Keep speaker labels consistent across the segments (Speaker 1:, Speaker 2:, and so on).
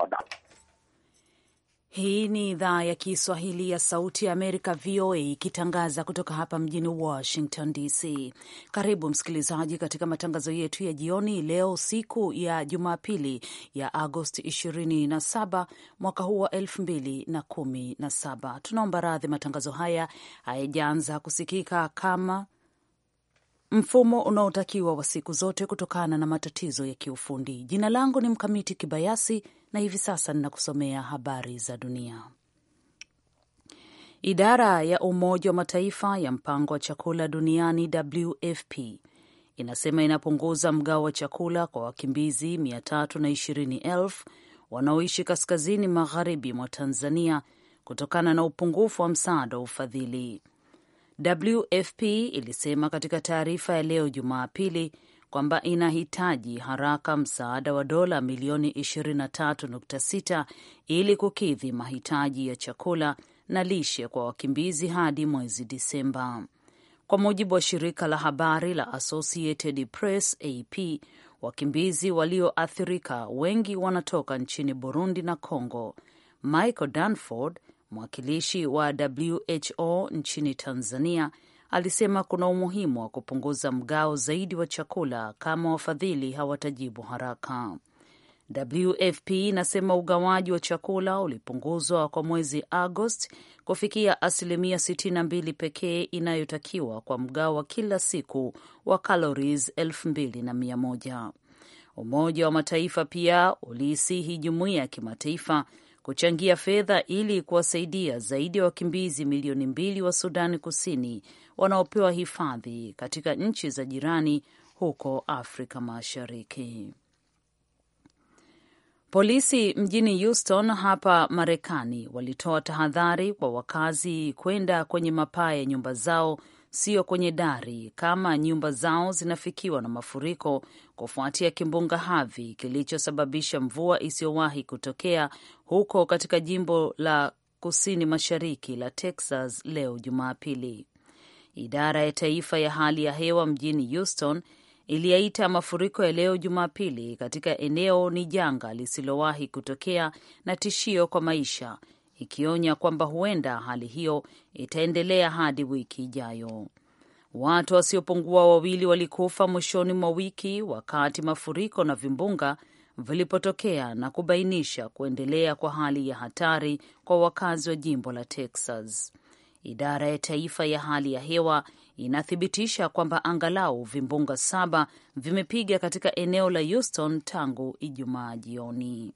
Speaker 1: Florida.
Speaker 2: Hii ni idhaa ya Kiswahili ya Sauti ya Amerika, VOA, ikitangaza kutoka hapa mjini Washington DC. Karibu msikilizaji katika matangazo yetu ya jioni leo, siku ya Jumapili ya Agosti 27 mwaka huu wa 2017. Tunaomba radhi, matangazo haya hayajaanza kusikika kama mfumo unaotakiwa wa siku zote kutokana na matatizo ya kiufundi. Jina langu ni Mkamiti Kibayasi na hivi sasa ninakusomea habari za dunia. Idara ya Umoja wa Mataifa ya Mpango wa Chakula Duniani, WFP, inasema inapunguza mgao wa chakula kwa wakimbizi 320,000 wanaoishi kaskazini magharibi mwa Tanzania kutokana na upungufu wa msaada wa ufadhili. WFP ilisema katika taarifa ya leo Jumapili kwamba inahitaji haraka msaada wa dola milioni 23.6 ili kukidhi mahitaji ya chakula na lishe kwa wakimbizi hadi mwezi Disemba. Kwa mujibu wa shirika la habari la Associated Press AP, wakimbizi walioathirika wengi wanatoka nchini Burundi na Congo. Michael Danford Mwakilishi wa WHO nchini Tanzania alisema kuna umuhimu wa kupunguza mgao zaidi wa chakula kama wafadhili hawatajibu haraka. WFP inasema ugawaji wa chakula ulipunguzwa kwa mwezi Agosti kufikia asilimia 62 pekee inayotakiwa kwa mgao wa kila siku wa calories 2100. Umoja wa Mataifa pia uliisihi jumuiya ya kimataifa kuchangia fedha ili kuwasaidia zaidi ya wakimbizi milioni mbili wa Sudani Kusini wanaopewa hifadhi katika nchi za jirani huko Afrika Mashariki. Polisi mjini Houston hapa Marekani walitoa tahadhari kwa wakazi kwenda kwenye mapaa ya nyumba zao sio kwenye dari kama nyumba zao zinafikiwa na mafuriko kufuatia kimbunga Harvey kilichosababisha mvua isiyowahi kutokea huko katika jimbo la kusini mashariki la Texas leo Jumapili. Idara ya taifa ya hali ya hewa mjini Houston iliyaita mafuriko ya leo Jumapili katika eneo ni janga lisilowahi kutokea na tishio kwa maisha ikionya kwamba huenda hali hiyo itaendelea hadi wiki ijayo. Watu wasiopungua wawili walikufa mwishoni mwa wiki wakati mafuriko na vimbunga vilipotokea na kubainisha kuendelea kwa hali ya hatari kwa wakazi wa jimbo la Texas. Idara ya taifa ya hali ya hewa inathibitisha kwamba angalau vimbunga saba vimepiga katika eneo la Houston tangu Ijumaa jioni.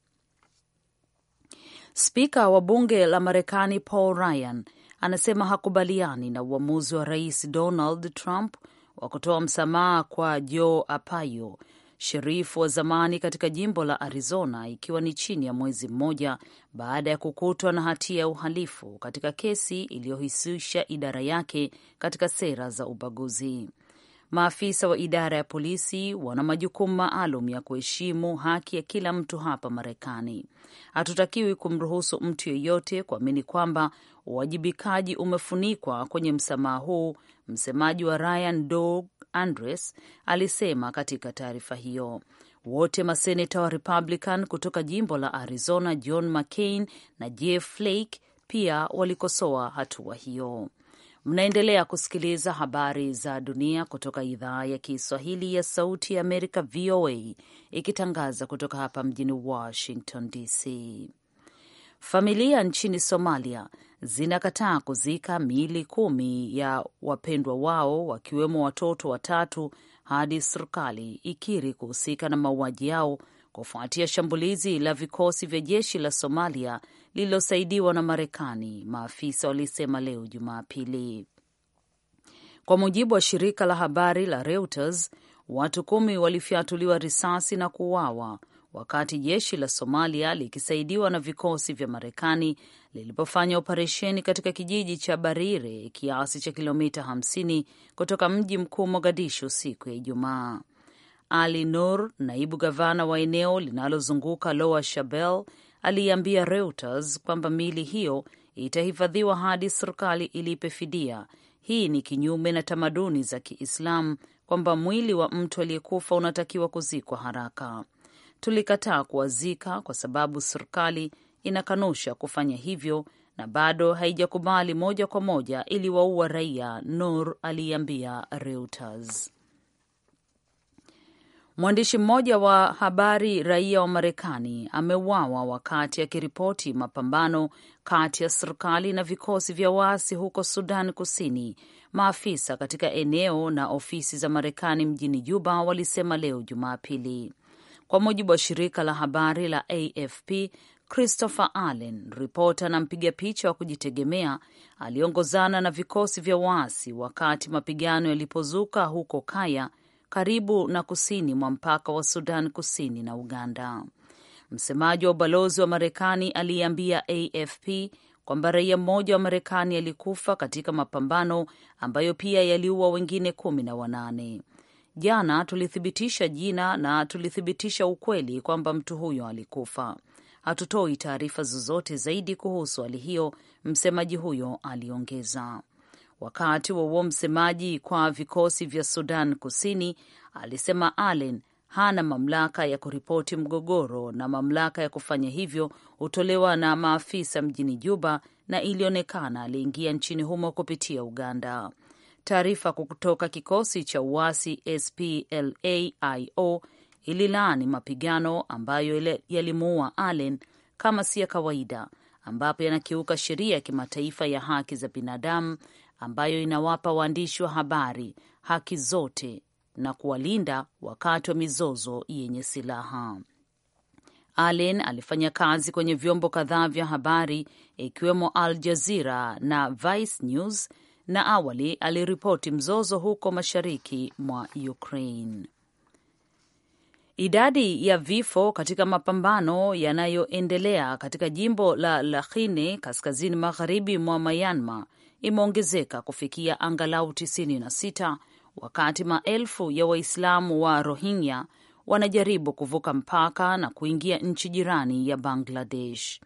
Speaker 2: Spika wa bunge la Marekani Paul Ryan anasema hakubaliani na uamuzi wa Rais Donald Trump wa kutoa msamaha kwa Joe Arpaio, sherifu wa zamani katika jimbo la Arizona, ikiwa ni chini ya mwezi mmoja baada ya kukutwa na hatia ya uhalifu katika kesi iliyohusisha idara yake katika sera za ubaguzi. Maafisa wa idara ya polisi wana majukumu maalum ya kuheshimu haki ya kila mtu hapa Marekani. Hatutakiwi kumruhusu mtu yeyote kuamini kwamba uwajibikaji umefunikwa kwenye msamaha huu, msemaji wa Ryan do Andres alisema katika taarifa hiyo. Wote maseneta wa Republican kutoka jimbo la Arizona, John McCain na Jeff Flake pia walikosoa hatua hiyo. Mnaendelea kusikiliza habari za dunia kutoka idhaa ya Kiswahili ya Sauti ya Amerika, VOA, ikitangaza kutoka hapa mjini Washington DC. Familia nchini Somalia zinakataa kuzika miili kumi ya wapendwa wao wakiwemo watoto watatu hadi serikali ikiri kuhusika na mauaji yao kufuatia shambulizi la vikosi vya jeshi la Somalia lililosaidiwa na Marekani, maafisa walisema leo Jumapili, kwa mujibu wa shirika la habari la Reuters. Watu kumi walifyatuliwa risasi na kuuawa wakati jeshi la Somalia likisaidiwa na vikosi vya Marekani lilipofanya operesheni katika kijiji cha Barire, kiasi cha kilomita 50 kutoka mji mkuu Mogadishu siku ya Ijumaa. Ali Nur, naibu gavana wa eneo linalozunguka Lower Shabelle, aliiambia Reuters kwamba miili hiyo itahifadhiwa hadi serikali ilipe fidia. Hii ni kinyume na tamaduni za Kiislamu kwamba mwili wa mtu aliyekufa unatakiwa kuzikwa haraka. Tulikataa kuwazika kwa sababu serikali inakanusha kufanya hivyo na bado haijakubali moja kwa moja iliwaua raia, Nur aliambia Reuters. Mwandishi mmoja wa habari raia wa Marekani ameuawa wakati akiripoti mapambano kati ya serikali na vikosi vya waasi huko Sudan Kusini, maafisa katika eneo na ofisi za Marekani mjini Juba walisema leo Jumapili, kwa mujibu wa shirika la habari la AFP. Christopher Allen, ripota na mpiga picha wa kujitegemea, aliongozana na vikosi vya waasi wakati mapigano yalipozuka huko Kaya, karibu na kusini mwa mpaka wa Sudan Kusini na Uganda. Msemaji wa ubalozi wa Marekani aliyeambia AFP kwamba raia mmoja wa Marekani alikufa katika mapambano ambayo pia yaliua wengine kumi na wanane. Jana tulithibitisha jina na tulithibitisha ukweli kwamba mtu huyo alikufa. Hatutoi taarifa zozote zaidi kuhusu hali hiyo, msemaji huyo aliongeza. Wakati wa msemaji kwa vikosi vya Sudan Kusini alisema Allen hana mamlaka ya kuripoti mgogoro na mamlaka ya kufanya hivyo hutolewa na maafisa mjini Juba na ilionekana aliingia nchini humo kupitia Uganda. Taarifa kutoka kikosi cha uasi SPLAIO ililaani mapigano ambayo yalimuua Allen kama si ya kawaida, ambapo yanakiuka sheria ya kimataifa ya haki za binadamu ambayo inawapa waandishi wa habari haki zote na kuwalinda wakati wa mizozo yenye silaha. Allen alifanya kazi kwenye vyombo kadhaa vya habari ikiwemo Al Jazeera na Vice News na awali aliripoti mzozo huko mashariki mwa Ukraine. Idadi ya vifo katika mapambano yanayoendelea katika jimbo la Rakhine kaskazini magharibi mwa Myanmar imeongezeka kufikia angalau 96 wakati maelfu ya Waislamu wa Rohingya wanajaribu kuvuka mpaka na kuingia nchi jirani ya Bangladesh.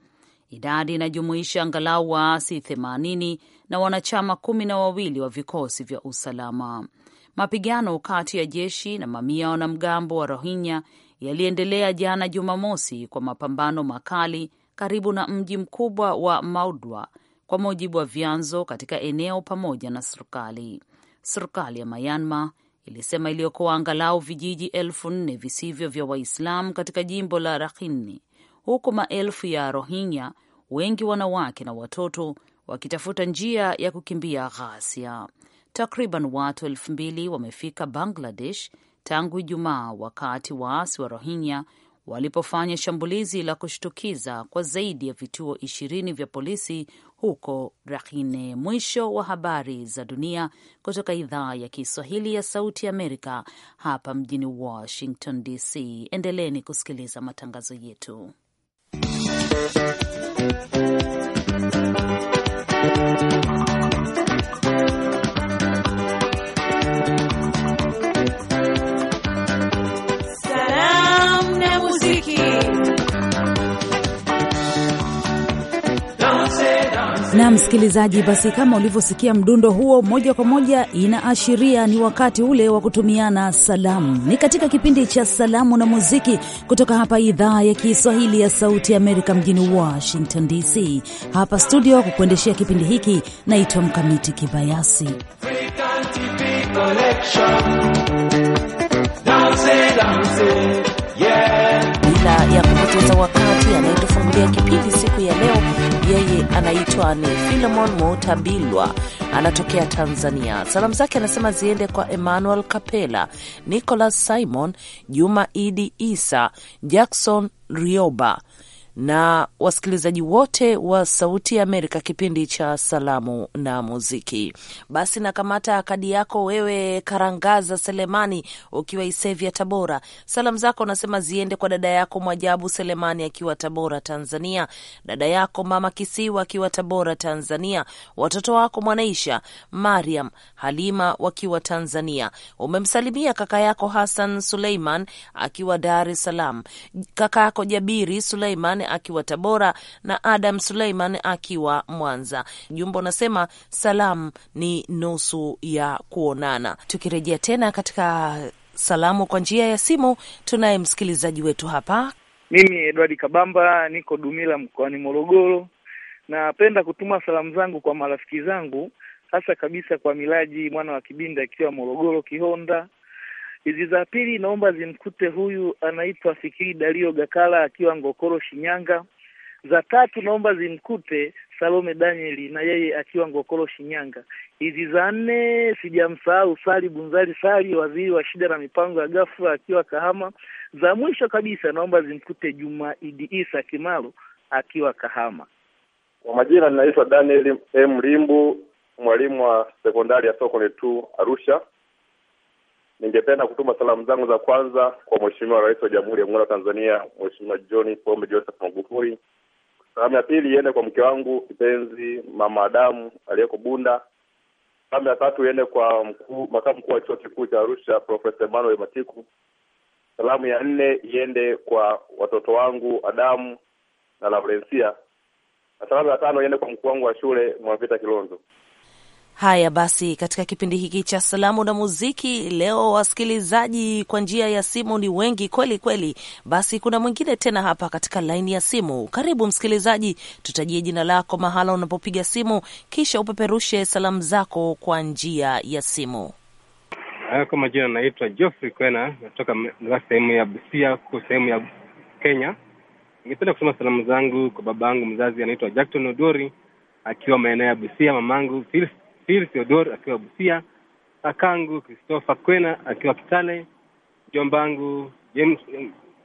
Speaker 2: Idadi inajumuisha angalau waasi 80 na wanachama kumi na wawili wa vikosi vya usalama. Mapigano kati ya jeshi na mamia wanamgambo wa Rohingya yaliendelea jana Jumamosi kwa mapambano makali karibu na mji mkubwa wa Maudwa kwa mujibu wa vyanzo katika eneo pamoja na serikali. Serikali ya Myanmar ilisema iliyokoa angalau vijiji elfu nne visivyo vya waislam katika jimbo la Rakhine, huku maelfu ya Rohingya, wengi wanawake na watoto, wakitafuta njia ya kukimbia ghasia. Takriban watu elfu mbili wamefika Bangladesh tangu Ijumaa, wakati waasi wa Rohingya walipofanya shambulizi la kushtukiza kwa zaidi ya vituo ishirini vya polisi huko Rakhine. Mwisho wa habari za dunia kutoka idhaa ya Kiswahili ya Sauti Amerika hapa mjini Washington DC. Endeleeni kusikiliza matangazo yetu. Na msikilizaji, basi kama ulivyosikia mdundo huo, moja kwa moja inaashiria ni wakati ule wa kutumiana salamu. Ni katika kipindi cha salamu na muziki kutoka hapa idhaa ya Kiswahili ya Sauti Amerika mjini Washington DC. Hapa studio kukuendeshea kipindi hiki naitwa Mkamiti Kibayasi.
Speaker 1: Dance, dance,
Speaker 2: yeah makala ya kupoteza wakati anayetufungulia kipindi siku ya leo, yeye anaitwa ni Filemon Mutabilwa, anatokea Tanzania. Salamu zake anasema ziende kwa Emmanuel Kapela, Nicholas Simon, Juma Idi Isa, Jackson Rioba, na wasikilizaji wote wa Sauti ya Amerika kipindi cha Salamu na Muziki. Basi nakamata kadi yako wewe, Karangaza Selemani ukiwa Isevya, Tabora. Salamu zako unasema ziende kwa dada yako Mwajabu Selemani akiwa Tabora, Tanzania, dada yako Mama Kisiwa akiwa Tabora, Tanzania, watoto wako Mwanaisha, Mariam, Halima wakiwa Tanzania. Umemsalimia kaka yako Hassan Suleiman akiwa Dar es Salaam, kaka yako Jabiri Suleiman akiwa Tabora na Adam Suleiman akiwa Mwanza. Jumba unasema salamu ni nusu ya kuonana. Tukirejea tena katika salamu kwa njia ya simu, tunaye msikilizaji wetu hapa.
Speaker 3: Mimi Edward Kabamba niko Dumila mkoani Morogoro. Napenda kutuma salamu zangu kwa marafiki zangu hasa kabisa kwa Milaji mwana wa Kibinda akiwa Morogoro Kihonda, Hizi za pili naomba zimkute huyu anaitwa Fikiri Dario Gakala akiwa Ngokoro, Shinyanga. Za tatu naomba zimkute Salome Danieli na yeye akiwa Ngokoro, Shinyanga. Hizi za nne sijamsahau Sali Bunzali Sali, waziri wa shida na mipango ya ghafla akiwa Kahama. Za mwisho kabisa naomba zimkute Juma Idi Isa Kimaro
Speaker 1: akiwa Kahama. Kwa majina ninaitwa Daniel M. Limbu, mwalimu wa sekondari ya Sokoni tu Arusha. Ningependa kutuma salamu zangu za kwanza kwa Mheshimiwa Rais wa Jamhuri ya Muungano wa Tanzania, Mheshimiwa John Pombe Joseph Magufuli. Salamu ya pili iende kwa mke wangu kipenzi Mama Adamu aliyeko Bunda. Salamu ya tatu iende kwa mkuu, makamu mkuu wa chuo kikuu cha Arusha Profesa Emmanuel Matiku. Salamu ya nne iende kwa watoto wangu Adamu na Laurencia, na salamu ya tano iende kwa mkuu wangu wa shule Mwavita Kilonzo.
Speaker 2: Haya basi, katika kipindi hiki cha salamu na muziki leo, wasikilizaji kwa njia ya simu ni wengi kweli kweli. Basi kuna mwingine tena hapa katika laini ya simu. Karibu msikilizaji, tutajie jina lako, mahala unapopiga simu, kisha upeperushe salamu zako kwa njia ya simu.
Speaker 3: Kwa majina naitwa Geoffrey Kwena, natoka sehemu ya Busia huko sehemu ya Kenya. Ningependa kusoma salamu zangu kwa babangu mzazi anaitwa Jackton Odori akiwa maeneo ya Busia, mamangu Msafiri Theodor akiwa Busia, kakangu Christopher Kwena akiwa Kitale, mjombangu James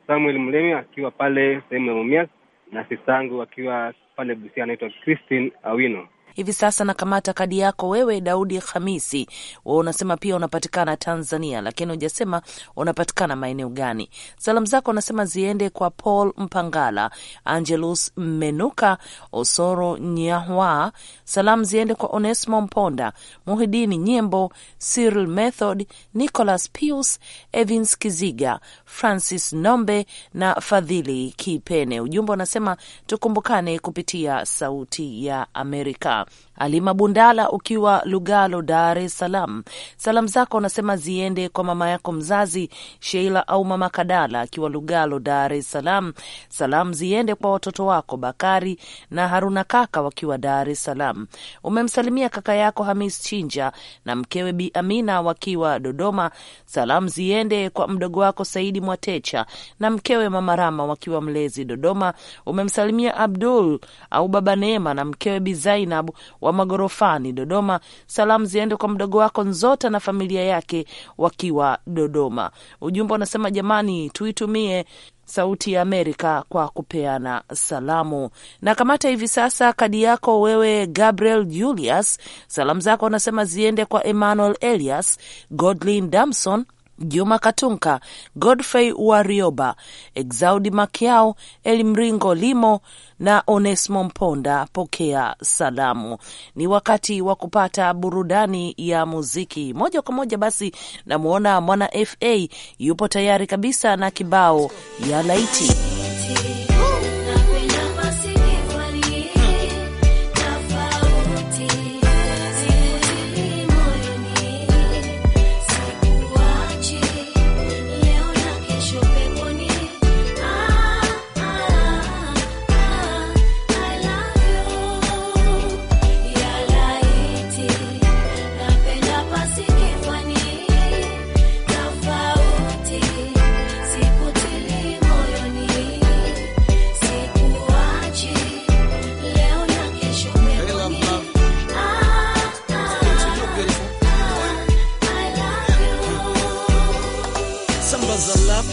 Speaker 3: Samuel Mlemi akiwa pale sehemu ya Mumias na sisangu akiwa pale Busia anaitwa Christine Awino
Speaker 2: hivi sasa nakamata kadi yako wewe Daudi Hamisi, wa unasema pia unapatikana Tanzania, lakini hujasema unapatikana maeneo gani. Salamu zako unasema ziende kwa Paul Mpangala, Angelus Menuka, Osoro Nyahwa. Salamu ziende kwa onesimo Mponda, Muhidini Nyembo, Cyril Method, nicolas Pius, Evins Kiziga, Francis Nombe na Fadhili Kipene. Ujumbe unasema tukumbukane kupitia Sauti ya Amerika. about alima Bundala ukiwa Lugalo, Dar es Salaam, salamu zako unasema ziende kwa mama yako mzazi Sheila au mama Kadala akiwa Lugalo, Dar es Salaam. Salamu ziende kwa watoto wako Bakari na Haruna kaka wakiwa Dar es Salaam. Umemsalimia kaka yako Hamis Chinja na mkewe Bi Amina wakiwa Dodoma. Salamu ziende kwa mdogo wako Saidi Mwatecha na mkewe mama Rama wakiwa Mlezi, Dodoma. Umemsalimia Abdul au baba Neema na mkewe Bi Zainab wa Magorofani, Dodoma. Salamu ziende kwa mdogo wako Nzota na familia yake wakiwa Dodoma. Ujumbe unasema jamani, tuitumie Sauti ya Amerika kwa kupeana salamu. Na kamata hivi sasa kadi yako wewe, Gabriel Julius. Salamu zako anasema ziende kwa Emmanuel Elias, Godlin Damson, Juma Katunka, Godfrey Warioba, Exaudi Makiao, Elimringo Limo na Onesmo Mponda. Pokea salamu. Ni wakati wa kupata burudani ya muziki moja kwa moja. Basi namwona mwana FA yupo tayari kabisa na kibao ya laiti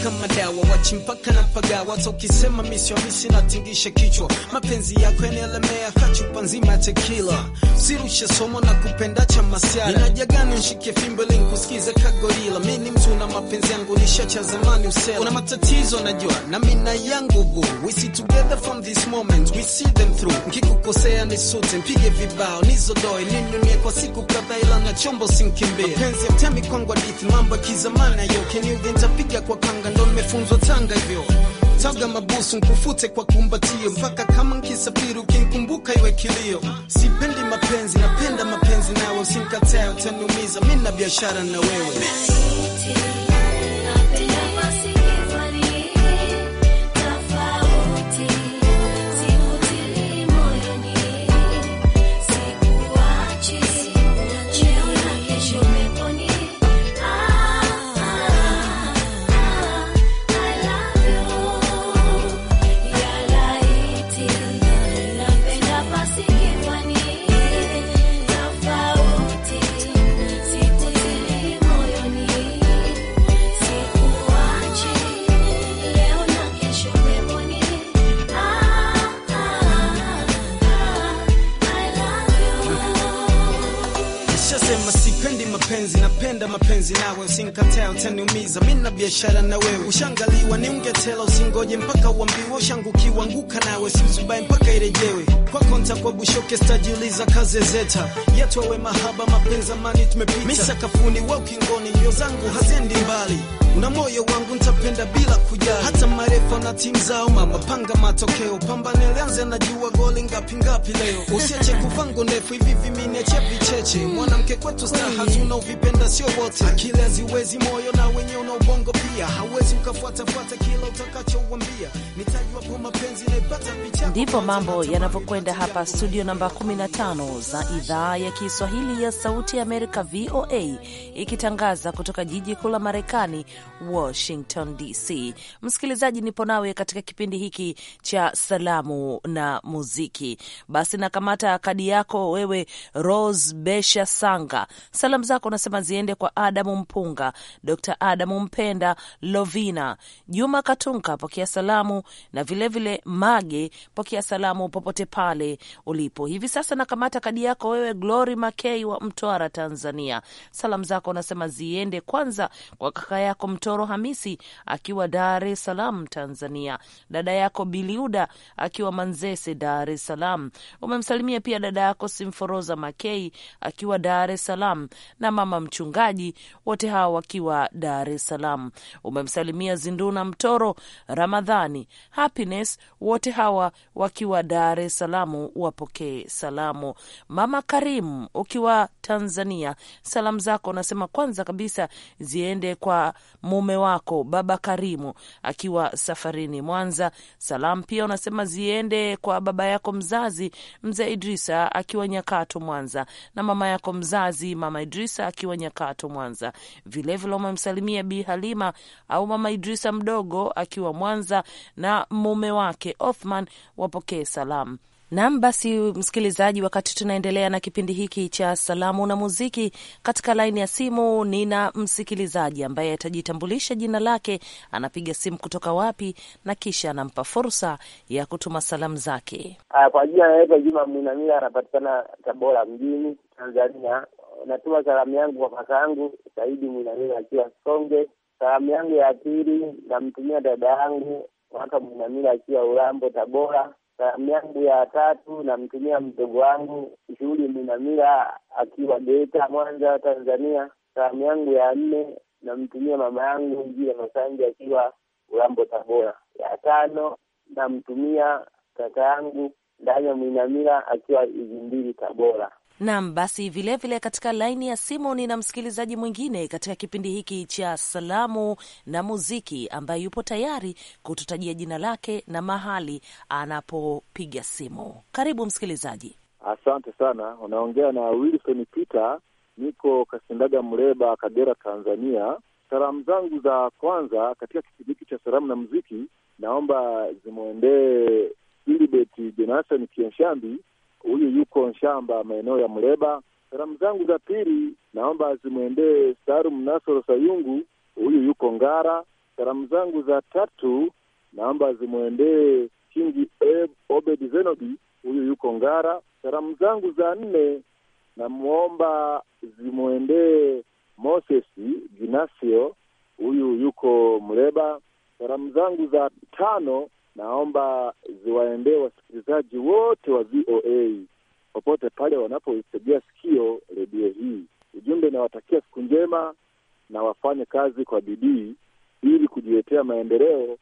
Speaker 3: kama dawa, wachimpaka na pagawa. Hata ukisema misi natingisha kichwa, mapenzi yako yanaelemea kachupa nzima ya tekila. Sirushe somo na kupenda cha masiara, inajagani nshike fimbo ili nikusikize kagorila. Mi ni mtu na mapenzi yangu nisha cha zamani, usela una matatizo najua, na mina yangu gu We see together from this moment, we see them through. Nkikukosea nisute, mpige vibao nizodoe, ninunie kwa siku kadhaa, ila na chombo sinkimbie. Mapenzi ya temi kwangu hadithi, mambo ya kizamani ayoke niudhi, ntapiga kwa kanga ndo nimefunzwa Tanga hivyo taga mabusu nkufute kwa kumbatio mpaka kama nkisafiri ukinkumbuka iwe kilio. Sipendi mapenzi, napenda mapenzi nawe, usinkatae utaniumiza, mina biashara na wewe itaniumiza. Mimi na biashara na wewe, ushangaliwa ni ungetela, usingoje mpaka uambiwe, ushangukiwa anguka nawe, si mpaka irejewe kwako, bushoke, stajiuliza kazezeta yetu awe mahaba mapenza mani tumepita misakafuni wa ukingoni, mbio zangu haziendi mbali, una moyo wangu ntapenda bila kujali hata mari taifa na timu zao, mama panga matokeo, pambane lianze, najua goli ngapi ngapi leo, usiache kufango ndefu hivi vimineche vicheche, mwanamke kwetu star hatuna, uvipenda sio wote, akili haziwezi moyo na wenye una ubongo hauwezi ukafuatafuata kila mapenzi naipata picha.
Speaker 2: Ndipo mambo yanavyokwenda hapa studio namba 15 za idhaa ya Kiswahili ya Sauti ya Amerika, VOA, ikitangaza kutoka jiji kuu la Marekani, Washington DC. Msikilizaji, nipo nawe katika kipindi hiki cha salamu na muziki. Basi nakamata kadi yako wewe, Rose Besha Sanga. Salamu zako unasema ziende kwa Adamu Mpunga, Dr Adamu Mpenda, Lovina. Juma Katunka, pokea salamu, na vilevile vile Mage, pokea salamu popote pale ulipo hivi sasa. Nakamata kadi yako wewe, Glory Makei wa Mtwara, Tanzania. Salamu zako unasema ziende kwanza kwa kaka yako Mtoro Hamisi akiwa Dar es Salaam, Tanzania, dada yako Biliuda akiwa Manzese, Dar es Salaam. Umemsalimia pia dada yako Simforoza Makei akiwa Dar es Salaam na mama mchungaji, wote hawa wakiwa Dar es Salaam umemsalimia Zinduna Mtoro, Ramadhani, Happiness, wote hawa wakiwa Dar es Salaam, wapokee salamu. Mama Karimu ukiwa Tanzania, salamu zako unasema kwanza kabisa ziende kwa mume wako Baba Karimu akiwa safarini Mwanza. Salamu pia unasema ziende kwa baba yako mzazi Mzee Idrisa akiwa Nyakato Mwanza, na mama yako mzazi Mama Idrisa akiwa Nyakato Mwanza. Vilevile umemsalimia Bi Halima au Mama Idrisa mdogo akiwa Mwanza na mume wake Othman wapokee salamu. Nam, basi msikilizaji, wakati tunaendelea na kipindi hiki cha salamu na muziki, katika laini ya simu nina msikilizaji ambaye atajitambulisha jina lake, anapiga simu kutoka wapi, na kisha anampa fursa ya kutuma salamu zake.
Speaker 3: Kwa jina naitwa Juma Mwinamila, anapatikana Tabora mjini, Tanzania. Natuma salamu yangu kwa kaka yangu Saidi Mwinamila akiwa Songe Salamu yangu ya pili namtumia dada yangu mwaka Mwinamila akiwa Urambo, Tabora. Salamu yangu ya tatu namtumia mdogo wangu shughuli Mwinamila akiwa Geita, Mwanza, Tanzania. Salamu yangu ya nne namtumia mama yangu ya Masanja akiwa Urambo, Tabora. Ya tano namtumia kaka yangu ndani ya Mwinamila akiwa Izimbili, Tabora.
Speaker 2: Nam, basi vilevile vile katika laini ya simu nina msikilizaji mwingine katika kipindi hiki cha salamu na muziki ambaye yupo tayari kututajia jina lake na mahali anapopiga simu. Karibu msikilizaji.
Speaker 1: Asante sana, unaongea na Wilson Peter, niko Kasindaga, mreba Kagera, Tanzania. Salamu zangu za kwanza katika kipindi hiki cha salamu na muziki naomba zimwendee Ilibeti Jonathan Kienshambi huyu yuko nshamba maeneo ya Mleba. Salamu zangu za pili naomba zimwendee Salum Nasoro Sayungu, huyu yuko Ngara. Salamu zangu za tatu naomba zimwendee Kingi Obed Zenobi, huyu yuko Ngara. Salamu zangu za nne namwomba zimwendee Moses Ginasio, huyu yuko Mleba. Salamu zangu za tano naomba ziwaendee wasikilizaji wote wa VOA popote pale wanapoitegea sikio redio hii. Ujumbe inawatakia siku njema na wafanye kazi kwa bidii ili kujiletea maendeleo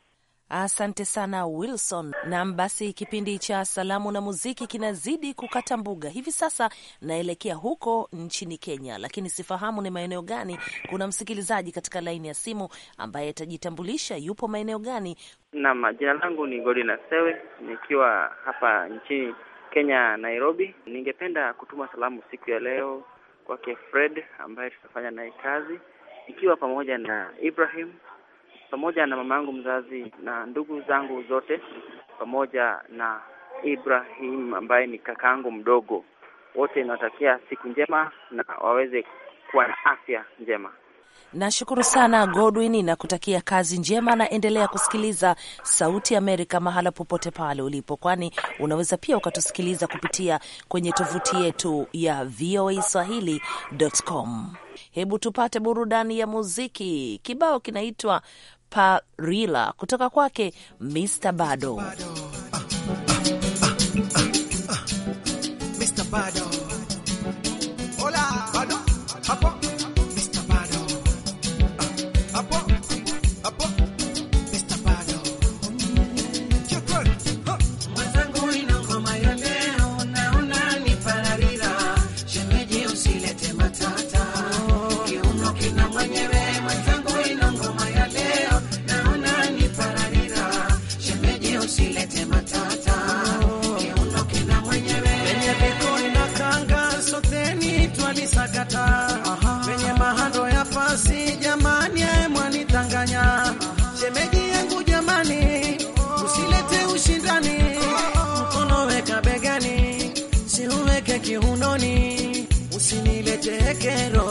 Speaker 2: Asante sana Wilson. Nam, basi kipindi cha salamu na muziki kinazidi kukata mbuga. Hivi sasa naelekea huko nchini Kenya, lakini sifahamu ni maeneo gani. Kuna msikilizaji katika laini ya simu ambaye atajitambulisha yupo maeneo gani.
Speaker 3: Nam, jina langu ni Godina Sewe, nikiwa hapa nchini Kenya, Nairobi. Ningependa kutuma salamu siku ya leo kwake Fred ambaye tutafanya naye kazi, ikiwa pamoja na Ibrahim pamoja na mama yangu mzazi na ndugu zangu zote pamoja na Ibrahim ambaye ni kakaangu mdogo. Wote nawatakia siku njema na waweze kuwa na afya njema.
Speaker 2: Nashukuru sana Godwin na kutakia kazi njema, na endelea kusikiliza Sauti Amerika mahala popote pale ulipo, kwani unaweza pia ukatusikiliza kupitia kwenye tovuti yetu ya voaswahili.com. Hebu tupate burudani ya muziki. Kibao kinaitwa Parila kutoka kwake Mr Bado, Bado. Ah, ah,
Speaker 4: ah, ah, Mr. Bado.
Speaker 5: si ni leche quiero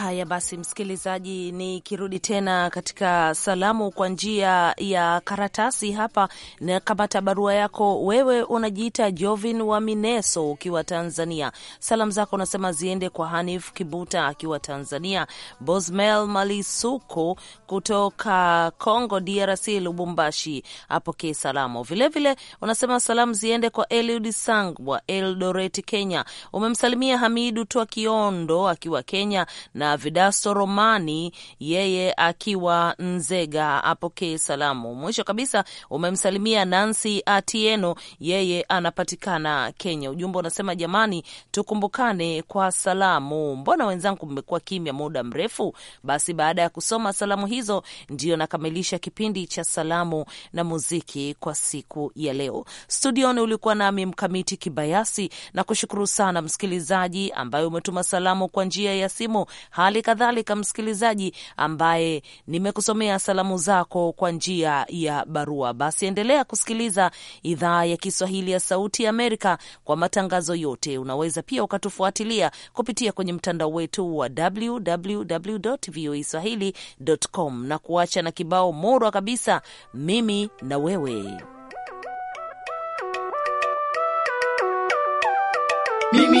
Speaker 2: Haya basi, msikilizaji, nikirudi tena katika salamu kwa njia ya karatasi hapa, nakamata barua yako. Wewe unajiita Jovin wa Mineso ukiwa Tanzania. Salamu zako unasema ziende kwa Hanif Kibuta akiwa Tanzania, Bosmel Malisuko kutoka Congo DRC, Lubumbashi apokee salamu vilevile. Unasema salamu ziende kwa Eliud Sangwa Eldoret, Kenya. Umemsalimia Hamidu Twakiondo akiwa Kenya na vidaso Romani, yeye akiwa Nzega, apokee salamu. Mwisho kabisa umemsalimia Nancy Atieno, yeye anapatikana Kenya. Ujumbe unasema jamani, tukumbukane kwa salamu. Mbona wenzangu mmekuwa kimya muda mrefu? Basi baada ya kusoma salamu hizo, ndiyo nakamilisha kipindi cha salamu na muziki kwa siku ya leo. Studioni ulikuwa nami Mkamiti Kibayasi, na kushukuru sana msikilizaji ambaye umetuma salamu kwa njia ya simu hali kadhalika msikilizaji ambaye nimekusomea salamu zako kwa njia ya barua. Basi endelea kusikiliza idhaa ya Kiswahili ya Sauti ya Amerika kwa matangazo yote. Unaweza pia ukatufuatilia kupitia kwenye mtandao wetu wa www www.voaswahili.com na kuacha na kibao morwa kabisa, mimi na wewe mimi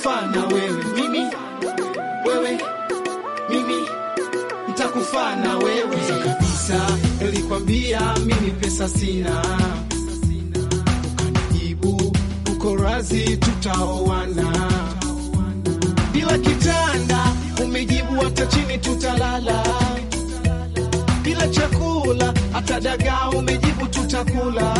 Speaker 4: nitakufana wewe mimi, wewe mimi nitakufana wewe kabisa. Nilikwambia mimi pesa sina, ukanijibu uko razi, tutaoana bila kitanda, umejibu hata chini tutalala bila chakula, hata dagaa umejibu tutakula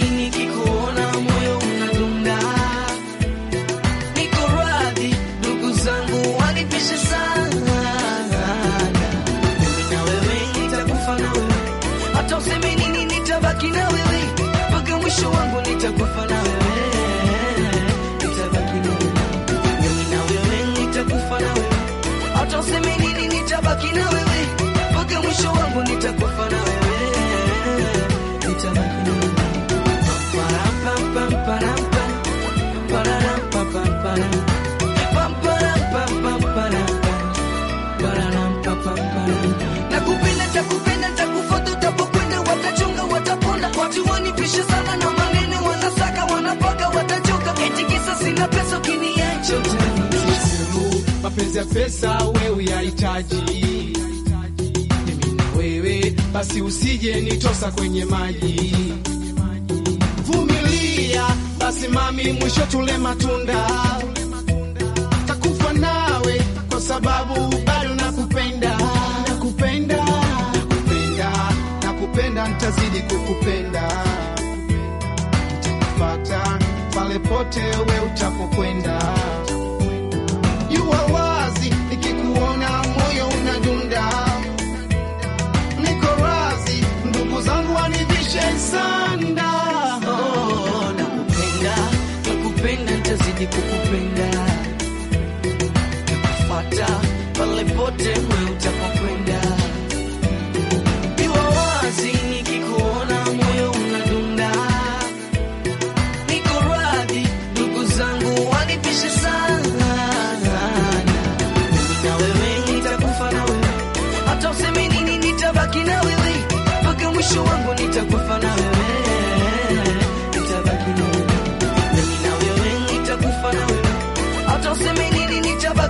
Speaker 5: kubaki na wewe mpaka mwisho wangu, nitakufa na wewe, nitabaki na wewe, mimi na wewe, nitakufa na wewe, hata useme nini, nitabaki na wewe. watu wanipisha sana na maneno wanasaka wanapaka watachoka, eti kisa sina pesa ukiniacha
Speaker 4: mapenzi ya pesa wewe yahitaji mimi na wewe basi, usije nitosa kwenye maji. Vumilia basi mami, mwisho tule matunda popote we utapokwenda, yuwa wazi, nikikuona moyo unadunda, niko razi, ndugu zangu wanivishe
Speaker 5: sanda. Oh, nakupenda, nakupenda, ntazidi kukupenda, nakufata pale pote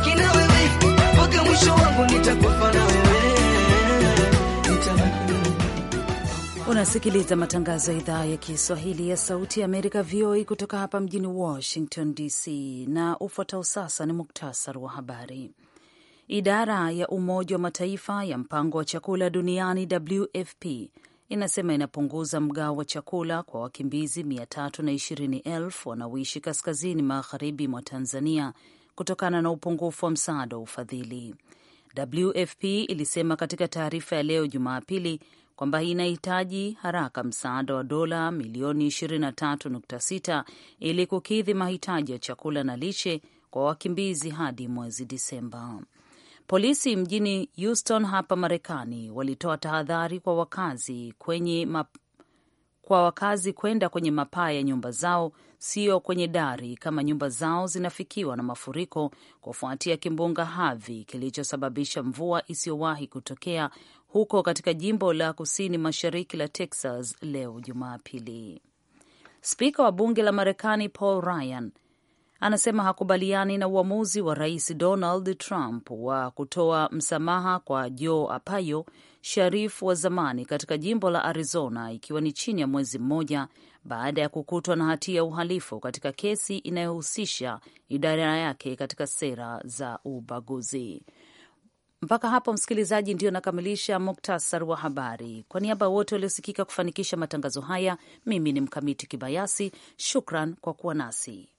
Speaker 5: wewe mpaka mwisho wangu, nitakufa na wewe
Speaker 2: Unasikiliza matangazo ya idhaa ya Kiswahili ya Sauti ya Amerika, VOA, kutoka hapa mjini Washington DC. Na ufuatao sasa ni muktasar wa habari. Idara ya Umoja wa Mataifa ya Mpango wa Chakula Duniani, WFP, inasema inapunguza mgao wa chakula kwa wakimbizi 320,000 wanaoishi kaskazini magharibi mwa Tanzania kutokana na upungufu wa msaada wa ufadhili. WFP ilisema katika taarifa ya leo Jumapili kwamba inahitaji haraka msaada wa dola milioni 23.6 ili kukidhi mahitaji ya chakula na lishe kwa wakimbizi hadi mwezi Disemba. Polisi mjini Houston hapa Marekani walitoa tahadhari kwa wakazi kwenye kwa wakazi kwenda kwenye mapaa ya nyumba zao, sio kwenye dari kama nyumba zao zinafikiwa na mafuriko kufuatia kimbunga Harvey kilichosababisha mvua isiyowahi kutokea huko katika jimbo la kusini mashariki la Texas leo Jumapili. Spika wa bunge la Marekani Paul Ryan anasema hakubaliani na uamuzi wa Rais Donald Trump wa kutoa msamaha kwa Joe Arpaio Sharif wa zamani katika jimbo la Arizona, ikiwa ni chini ya mwezi mmoja baada ya kukutwa na hatia ya uhalifu katika kesi inayohusisha idara yake katika sera za ubaguzi. Mpaka hapo msikilizaji, ndio nakamilisha muktasar wa habari. Kwa niaba ya wote waliosikika kufanikisha matangazo haya, mimi ni Mkamiti Kibayasi. Shukran kwa kuwa nasi.